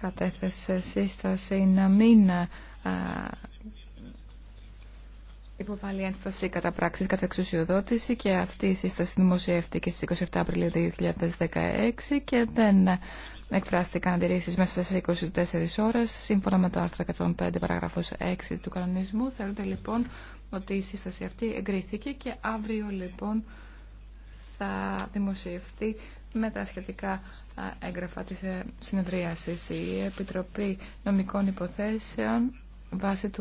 κατέθεσε σύσταση να μην υποβάλει ένσταση κατά πράξη κατά εξουσιοδότηση και αυτή η σύσταση δημοσιεύτηκε στις 27 Απριλίου 2016 και δεν εκφράστηκαν αντιρρήσεις μέσα σε 24 ώρες. Σύμφωνα με το άρθρο 105 παράγραφος 6 του κανονισμού θεωρείται λοιπόν ότι η σύσταση αυτή εγκρίθηκε και αύριο λοιπόν δημοσιευτεί με τα σχετικά έγγραφα της ε, συνεδρίασης. Η Επιτροπή Νομικών Υποθέσεων βάσει του